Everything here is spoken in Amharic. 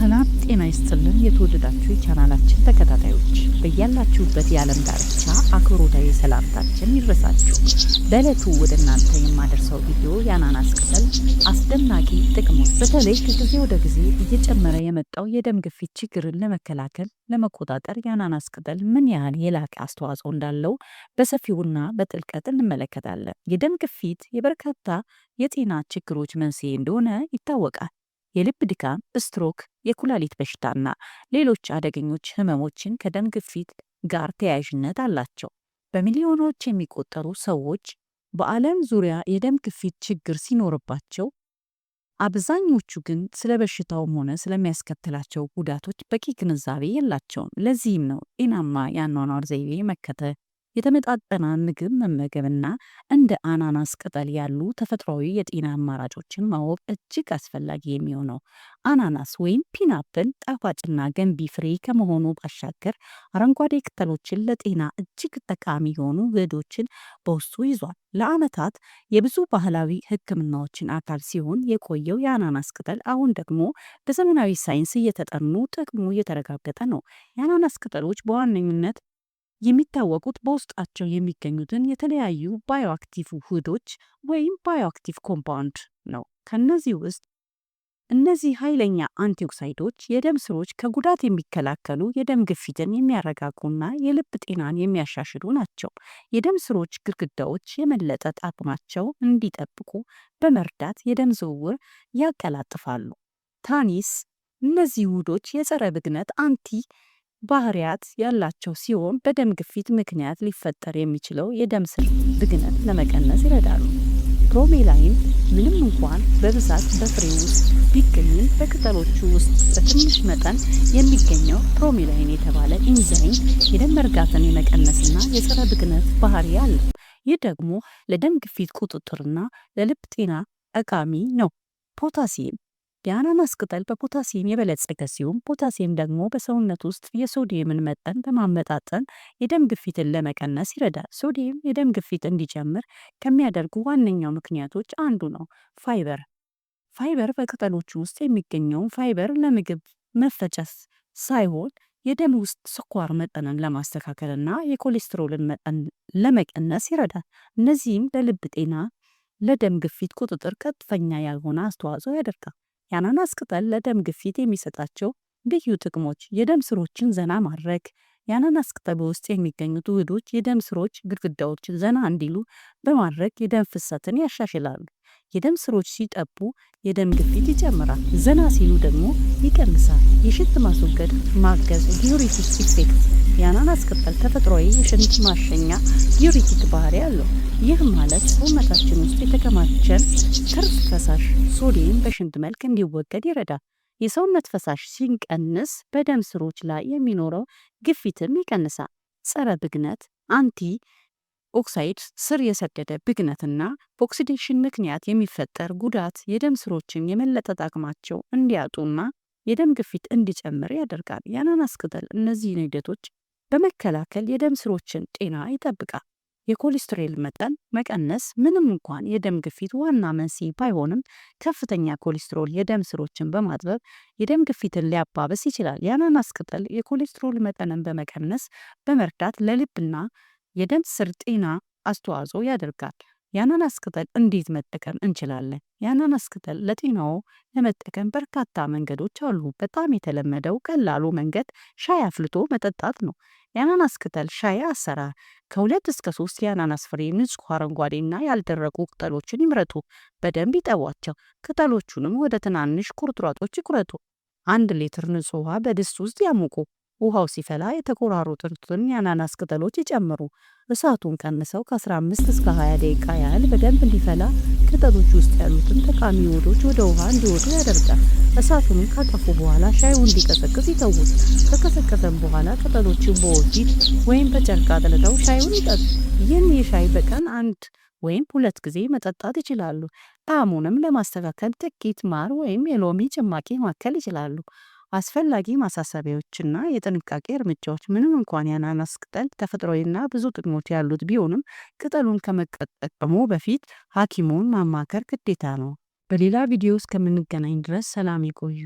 ሰላም ጤና ይስጥልን። የተወደዳችሁ የቻናላችን ተከታታዮች በያላችሁበት የዓለም ዳርቻ አክብሮታዊ ሰላምታችን ይድረሳችሁ። በዕለቱ ወደ እናንተ የማደርሰው ቪዲዮ የአናናስ ቅጠል አስደናቂ ጥቅሞች፣ በተለይ ከጊዜ ወደ ጊዜ እየጨመረ የመጣው የደም ግፊት ችግርን ለመከላከል ለመቆጣጠር የአናናስ ቅጠል ምን ያህል የላቀ አስተዋጽኦ እንዳለው በሰፊውና በጥልቀት እንመለከታለን። የደም ግፊት የበርካታ የጤና ችግሮች መንስኤ እንደሆነ ይታወቃል። የልብ ድካም፣ ስትሮክ፣ የኩላሊት በሽታና ሌሎች አደገኞች ህመሞችን ከደም ግፊት ጋር ተያያዥነት አላቸው። በሚሊዮኖች የሚቆጠሩ ሰዎች በዓለም ዙሪያ የደም ግፊት ችግር ሲኖርባቸው፣ አብዛኞቹ ግን ስለ በሽታውም ሆነ ስለሚያስከትላቸው ጉዳቶች በቂ ግንዛቤ የላቸውም። ለዚህም ነው ጤናማ የአኗኗር ዘይቤ መከተል የተመጣጠነ ምግብ መመገብና እንደ አናናስ ቅጠል ያሉ ተፈጥሯዊ የጤና አማራጮችን ማወቅ እጅግ አስፈላጊ የሚሆነው። አናናስ ወይም ፒናፕል ጣፋጭና ገንቢ ፍሬ ከመሆኑ ባሻገር አረንጓዴ ቅጠሎችን ለጤና እጅግ ጠቃሚ የሆኑ ውህዶችን በውስጡ ይዟል። ለዓመታት የብዙ ባህላዊ ሕክምናዎችን አካል ሲሆን የቆየው የአናናስ ቅጠል አሁን ደግሞ በዘመናዊ ሳይንስ እየተጠኑ ጥቅሙ እየተረጋገጠ ነው። የአናናስ ቅጠሎች በዋነኝነት የሚታወቁት በውስጣቸው የሚገኙትን የተለያዩ ባዮአክቲቭ ውህዶች ወይም ባዮአክቲቭ ኮምፓውንድ ነው። ከእነዚህ ውስጥ እነዚህ ኃይለኛ አንቲኦክሳይዶች የደም ስሮች ከጉዳት የሚከላከሉ የደም ግፊትን የሚያረጋጉና የልብ ጤናን የሚያሻሽሉ ናቸው። የደም ስሮች ግድግዳዎች የመለጠጥ አቅማቸው እንዲጠብቁ በመርዳት የደም ዝውውር ያቀላጥፋሉ። ታኒስ እነዚህ ውህዶች የጸረ ብግነት አንቲ ባህሪያት ያላቸው ሲሆን በደም ግፊት ምክንያት ሊፈጠር የሚችለው የደም ስር ብግነት ለመቀነስ ይረዳሉ። ፕሮሜላይን ምንም እንኳን በብዛት በፍሬ ውስጥ ቢገኝም በቅጠሎቹ ውስጥ በትንሽ መጠን የሚገኘው ፕሮሜላይን የተባለ ኢንዛይም የደም መርጋትን የመቀነስና የጸረ ብግነት ባህሪ አለው። ይህ ደግሞ ለደም ግፊት ቁጥጥርና ለልብ ጤና ጠቃሚ ነው። ፖታሲየም የአናናስ ቅጠል በፖታሲየም የበለጸገ ሲሆን ፖታሲየም ደግሞ በሰውነት ውስጥ የሶዲየምን መጠን በማመጣጠን የደም ግፊትን ለመቀነስ ይረዳል። ሶዲየም የደም ግፊት እንዲጨምር ከሚያደርጉ ዋነኛው ምክንያቶች አንዱ ነው። ፋይበር ፋይበር በቅጠሎች ውስጥ የሚገኘውን ፋይበር ለምግብ መፈጨት ሳይሆን የደም ውስጥ ስኳር መጠንን ለማስተካከልና የኮሌስትሮልን መጠን ለመቀነስ ይረዳል። እነዚህም ለልብ ጤና፣ ለደም ግፊት ቁጥጥር ቀጥተኛ ያልሆነ አስተዋጽኦ ያደርጋል። የአናናስ ቅጠል ለደም ግፊት የሚሰጣቸው ልዩ ጥቅሞች የደም ስሮችን ዘና ማድረግ የአናናስ ቅጠል ውስጥ የሚገኙት ውህዶች የደም ስሮች ግድግዳዎችን ዘና እንዲሉ በማድረግ የደም ፍሰትን ያሻሽላሉ። የደም ስሮች ሲጠቡ የደም ግፊት ይጨምራል። ዘና ሲሉ ደግሞ ይቀንሳል። የሽንት ማስወገድ ማገዝ ዲዩሪቲክ ኢፌክት የአናናስ ቅጠል ተፈጥሯዊ የሽንት ማሸኛ ዲዩሪቲክ ባህሪ አለው። ይህ ማለት ሰውነታችን ውስጥ የተከማቸን ትርፍ ፈሳሽ ሶዲየም በሽንት መልክ እንዲወገድ ይረዳል። የሰውነት ፈሳሽ ሲቀንስ በደም ስሮች ላይ የሚኖረው ግፊትም ይቀንሳል። ጸረ ብግነት አንቲ ኦክሳይድ ስር የሰደደ ብግነትና በኦክሲዴሽን ምክንያት የሚፈጠር ጉዳት የደም ስሮችን የመለጠጥ አቅማቸው እንዲያጡና የደም ግፊት እንዲጨምር ያደርጋል። የአናናስ ቅጠል እነዚህን ሂደቶች በመከላከል የደም ስሮችን ጤና ይጠብቃል። የኮሌስትሮል መጠን መቀነስ ምንም እንኳን የደም ግፊት ዋና መንስኤ ባይሆንም ከፍተኛ ኮሌስትሮል የደም ስሮችን በማጥበብ የደም ግፊትን ሊያባበስ ይችላል። የአናናስ ቅጠል የኮሌስትሮል መጠንን በመቀነስ በመርዳት ለልብና የደም ስር ጤና አስተዋጽኦ ያደርጋል። የአናናስ ቅጠል እንዴት መጠቀም እንችላለን? የአናናስ ቅጠል ለጤናው ለመጠቀም በርካታ መንገዶች አሉ። በጣም የተለመደው ቀላሉ መንገድ ሻይ አፍልቶ መጠጣት ነው። የአናናስ ቅጠል ሻይ አሰራር ከሁለት እስከ ሶስት የአናናስ ፍሬ ንጹህ አረንጓዴና ያልደረቁ ቅጠሎችን ይምረቱ። በደንብ ይጠቧቸው። ቅጠሎቹንም ወደ ትናንሽ ቁርጥራጮች ይቁረጡ። አንድ ሊትር ንጹህ ውሃ በድስት ውስጥ ያሙቁ። ውሃው ሲፈላ የተቆራረጡትን የአናናስ ቅጠሎች ይጨምሩ። እሳቱን ቀንሰው ከ15 እስከ 20 ደቂቃ ያህል በደንብ እንዲፈላ ቅጠሎች ውስጥ ያሉትን ጠቃሚ ውህዶች ወደ ውሃ እንዲወጡ ያደርጋል። እሳቱንም ካጠፉ በኋላ ሻዩ እንዲቀሰቅስ ይተዉት። ከቀሰቀሰም በኋላ ቅጠሎችን በወፊት ወይም በጨርቅ አጥልተው ሻዩን ይጠጡ። ይህን የሻይ በቀን አንድ ወይም ሁለት ጊዜ መጠጣት ይችላሉ። ጣዕሙንም ለማስተካከል ጥቂት ማር ወይም የሎሚ ጭማቂ ማከል ይችላሉ። አስፈላጊ ማሳሰቢያዎችና የጥንቃቄ እርምጃዎች ምንም እንኳን የአናናስ ቅጠል ተፈጥሯዊና ብዙ ጥቅሞች ያሉት ቢሆንም ቅጠሉን ከመጠቀሙ በፊት ሐኪሙን ማማከር ግዴታ ነው። በሌላ ቪዲዮ እስከምንገናኝ ድረስ ሰላም ይቆዩ።